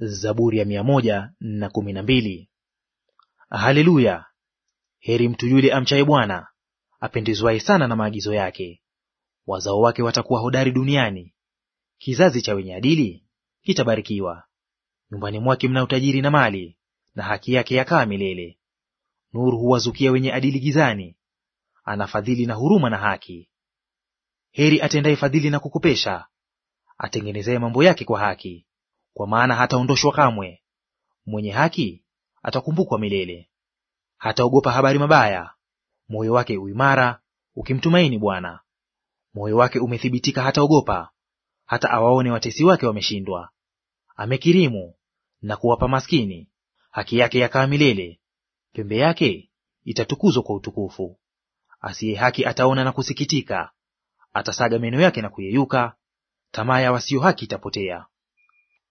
Zaburi ya mia moja na kumi na mbili. Haleluya! Heri mtu yule amchaye Bwana, apendezwaye sana na maagizo yake. Wazao wake watakuwa hodari duniani, kizazi cha wenye adili kitabarikiwa. Nyumbani mwake mna utajiri na mali, na haki yake yakaa milele. Nuru huwazukia wenye adili gizani, anafadhili na huruma na haki. Heri atendaye fadhili na kukopesha, atengenezaye mambo yake kwa haki kwa maana hataondoshwa kamwe. Mwenye haki atakumbukwa milele. Hataogopa habari mabaya, moyo wake uimara ukimtumaini Bwana. Moyo wake umethibitika, hataogopa hata awaone watesi wake wameshindwa. Amekirimu na kuwapa maskini, haki yake yakaa milele, pembe yake itatukuzwa kwa utukufu. Asiye haki ataona na kusikitika, atasaga meno yake na kuyeyuka, tamaa ya wasio haki itapotea.